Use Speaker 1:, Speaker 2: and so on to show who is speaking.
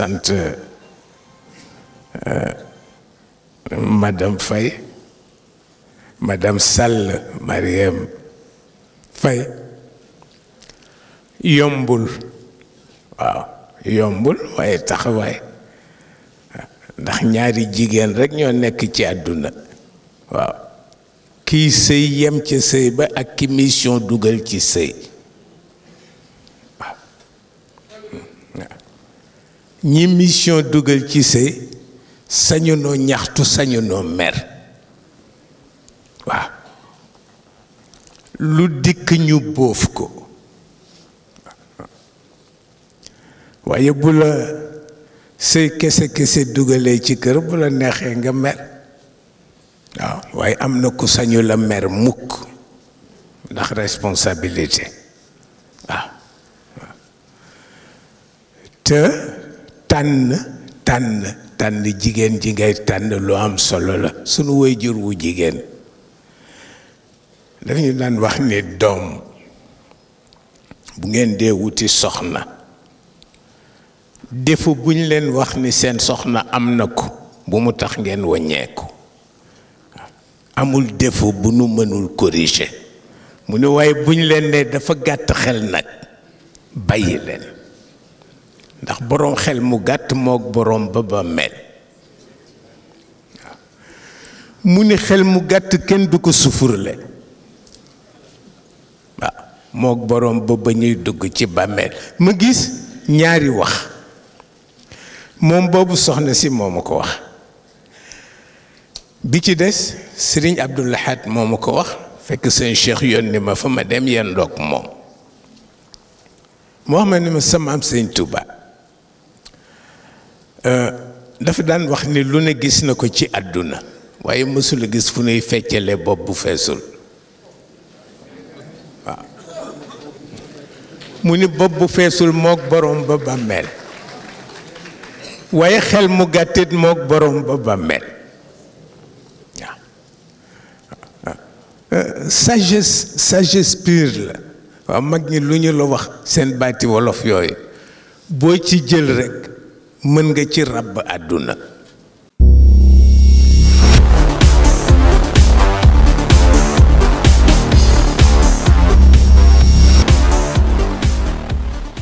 Speaker 1: Euh, euh, madame Faye madame Sall Mariam Faye yombul Wa, yombul Wa taxaway ndax ñaari jigen rek ño nek ci aduna, waaw Qui sey yem ci sey ba ak mission dougal ci Ni mission dugal ci sëy sañu nous ñaxtu sañu que mer waaw lu dikk ñu ko waaye bu la kese kese ci kër bu la nga mer waaw na ku sañu la mer mukk responsabilité tànn tànn tànn jigéen ji ngay tànn lu am solo la sunu jur wu jigéen daf ñu daan wax ni doom bu ngeen dee wuti soxna defu buñ leen wax ni seen soxna am na ko bu mu tax ngeen wàññeeku amul defu bu nu mënul corriger mu ne waaye buñ leen ne dafa gàtt xel nag bàyyi leen ndax borom xel mu gàtt mook borom ba ba mel mu ni xel mu gàtt kenn du ko sufurle waaw mook borom ba ba ñuy dugg ci ba mel ma gis ñaari wax moom boobu soxna si moo ko wax bi ci des Serigne Abdul Ahad moo ko wax fekk seen cheikh yónni ma fa ma dem yendoog moom moo xam ne ma sama am Serigne Touba Euh, dafa daan wax ni lu ne gis na ko ci àdduna waaye mësula gis fu nuy feccale bopp bu feesul mu ni bopp bu feesul mook borom ba bàmmeel waaye xel mu gàttit mook borom ba bàmmeel euh, sagesse sagesse pure la waaw mag ñi lu ñu la wax seen baati wolof yooyu boo ci jël rekk mën nga ci ràbb àdduna